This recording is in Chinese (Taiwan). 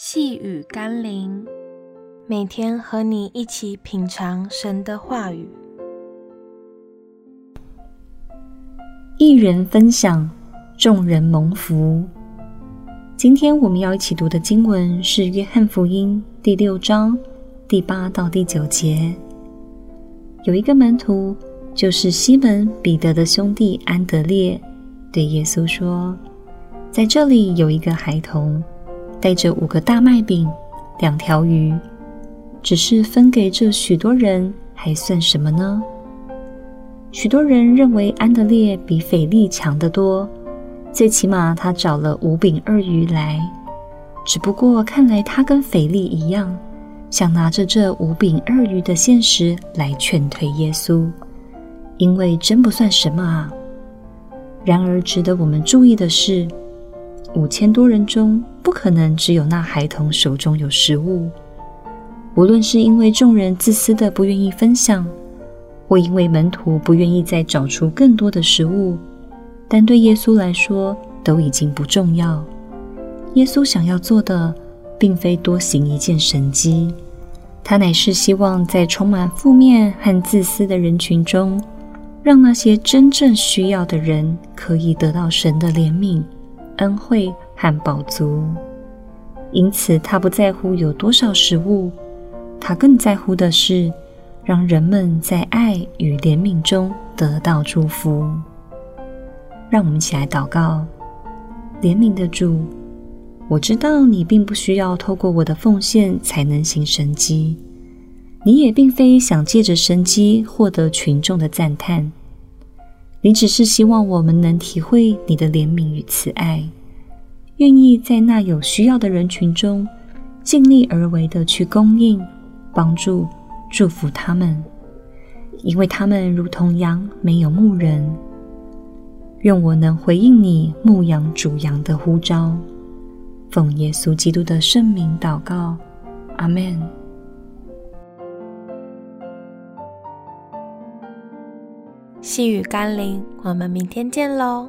細語甘霖，每天和你一起品嘗神的話語。一人分享，眾人蒙福。今天我們要一起讀的經文是《約翰福音》第六章第八到第九節。有一個門徒，就是西門彼得的兄弟安得烈，對耶穌說：“在這裡有一個孩童。”帶着五個大麥餅、兩條魚，只是分給這許多人，還算什麼呢？許多人認為安得烈比腓力強得多，最起碼他找了五餅二魚來。只不過看來他跟腓力一樣，想拿着這五餅二魚的現實來勸退耶穌，因為真不算什麼啊。然而，值得我們注意的是，五千多人中，不可能只有那孩童手中有食物。無論是因為眾人自私地不願意分享，或因為門徒不願意再找出更多的食物，但對耶穌來說都已經不重要。耶穌想要做的，並非多行一件神蹟，他乃是希望在充滿負面和自私的人群中，讓那些真正需要的人可以得到神的憐憫。恩惠和飽足，因此他不在乎有多少食物，他更在乎的是，讓人們在愛與憐憫中得到祝福。讓我們一起來禱告：憐憫的主，我知道你並不需要透過我的奉獻才能行神蹟，你也並非想借着神迹獲得群眾的讚嘆。你只是希望我們能體會你的憐憫與慈愛，願意在那有需要的人群中盡力而為地去供應、幫助、祝福他們，因為他們如同羊，沒有牧人。願我能回應你牧養主羊的呼召，奉耶穌基督的聖名禱告，阿門。細語甘霖，我們明天見嘍。